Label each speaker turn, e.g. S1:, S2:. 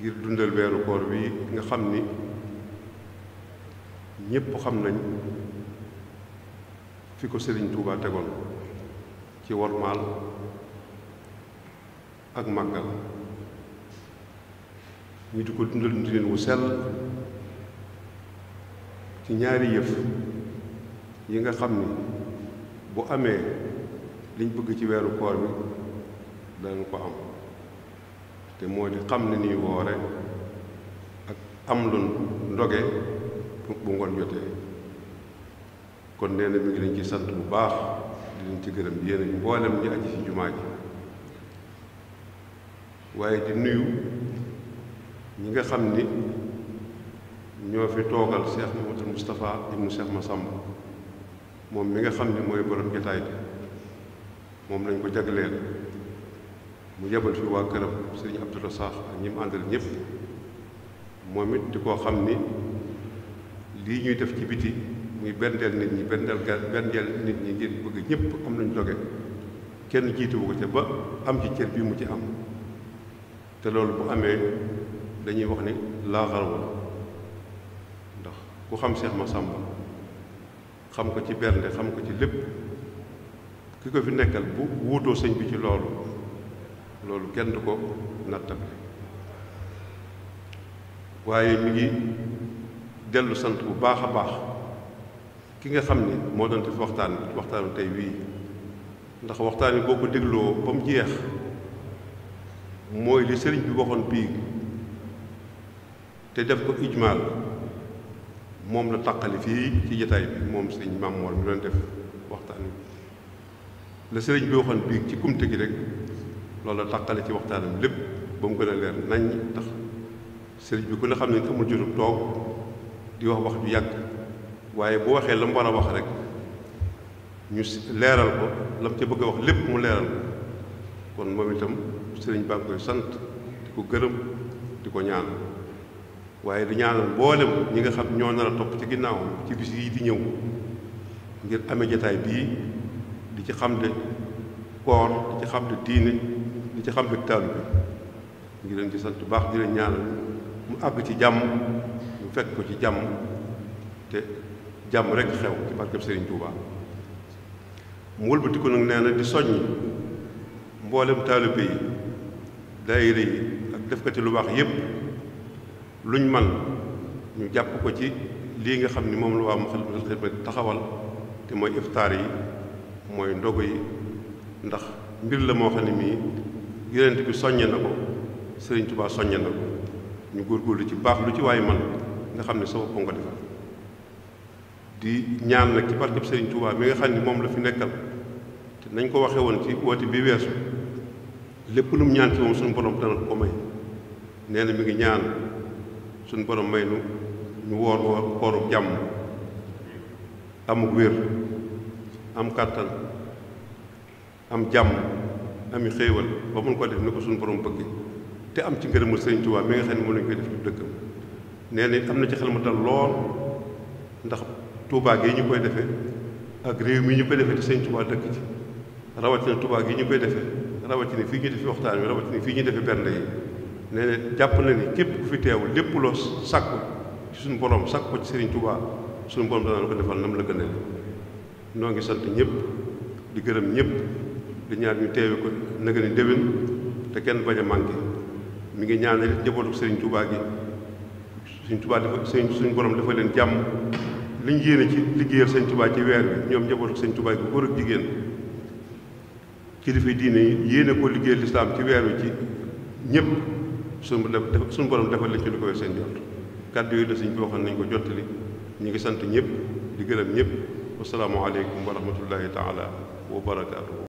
S1: ngir dundal weeru koor wi nga xam ni ñépp xam nañ fi ko Sëriñ Tuubaa tegoon ci wormaal ak màggal ñu di ko dundal dundin wu sell ci ñaari yëf yi nga xam ni bu amee liñ bëgg ci weeru koor bi danañ ko am te moo di xam ne nii woore ak am lu ndoge bu ngoon jotee kon nee na mi ngi leen ci sant bu baax di leen ci gërëm yéen a mboolem ñi aji ci jumaa ji waaye di nuyu ñi nga xam ni ñoo fi toogal Cheikh Mouhamadou Moustapha ibnu ma Massamba moom mi nga xam ni mooy borom jotaay bi moom lañ ko jagleel mu yebal fi waa këram sëriñ Abdou Rassakh ak ñi mu àndal ñëpp moom it di koo xam ni lii ñuy def ci biti muy bendeel nit ñi bendeel ga bendeel nit ñi ngir bëgg ñëpp am nañ doge kenn jiituwu ko ca ba am ci cër bi mu ci am te loolu bu amee dañuy wax ni laa xarwa ndax ku xam Seex Masàmba xam ko ci bernde xam ko ci lépp ki ko fi nekkal bu wuutoo sëñ bi ci loolu loolu kenn ko ko nattable waaye mi ngi dellu sant bu baax a baax ki nga xam ni moo doon def waxtaan bi waxtaanu tey wii ndax waxtaan wi boo ko dégloo ba mu jeex mooy li sëriñ bi waxoon bii te def ko ijmaal moom la taqali fii ci jataay bi moom sëriñ Maam Mor mi doon def waxtaan wi la sëriñ bi waxoon bii ci kumte gi rek loolu la tàqale ci waxtaanam lépp ba mu gën a leer nañ tax sëriñ bi ku ne xam ne amul jotu toog di wax wax ju yàgg waaye bu waxee la mu war a wax rek ñu si leeral ko la mu ca bëgg a wax lépp mu leeral ko kon moom itam sëriñ baa ngi koy sant di ko gërëm di ko ñaan waaye di ñaanal mboolem ñi nga xam ñoo nar a topp ci ginnaaw ci bis yi di ñëw ngir ame jataay bii di ci xam de koor di ci xam de diine ci xam bi ñu ngi leen ci sant bu baax di leen ñaanal mu àgg ci jàmm mu fekk ko ci jàmm te jàmm rek xew ci barkeb Serigne nag nee na di soññ mboolem taalibe yi daayira yi ak defkati lu baax yépp luñ man ñu jàpp ko ci lii nga xam ni moom la waa Moukhaddamatoul Khidma taxawal te mooy iftaar yi mooy ndogu yi ndax mbir la moo xam mii yonent bi soññe na ko sëriñ Tuubaa soññe na ko ñu lu ci baax lu ci waay man nga xam ne sa bopp nga di ñaan nag ci barkeb sëriñ Tuubaa mi nga xam ni moom la fi nekkal te nañ ko waxe woon ci woote bi weesu lépp lu mu ñaan ci moom suñu borom dana ko may nee na mi ngi ñaan suñ borom may nu ñu woor woor kooru jàmm amuk wér am kàttan am jàmm ami xéewal ba mun koo def ni ko suñu borom bëgg te am ci ngërëmal Sëriñ Tuubaa mi ngi xam ne moom lañ koy def ci dëkkam nee na am na ci xel ma dal lool ndax Tuubaa gi ñu koy defee ak réew mi ñu koy defee te ci rawatina Tuubaa gi ñu koy defee rawatina fii ñu defi waxtaan wi fii ñu defi bernde yi nee na jàpp na ni képp ku fi teew lépp loo sàkku ci suñu borom sàkku ci Sëriñ Tuubaa suñu borom dana la ko defal nam la gën a noo ngi sant ñëpp di gërëm ñëpp di ñaan ñu teewe ko naka ni déwén te kenn bañ a mu mi ngi ñaanal it njabootu sëriñ Tuubaa gi sëriñ Tuubaa dafa suñu borom dafa leen jàmm liñ yéene ci liggéeyal sëriñ Tuubaa ci weer bi ñoom njabootu sëriñ Tuubaa gi góor ak jigéen kilifa diine yi yéene ko liggéeyal ci weer wi ci ñëpp suñu suñu borom defal leen ci lu ko wér seen jot kàddu yooyu la sëriñ bi waxoon nañ ko jottali ñu ngi sant ñëpp di gërëm ñëpp wasalaamualeykum wa rahmatullahi taala wa barakaatu.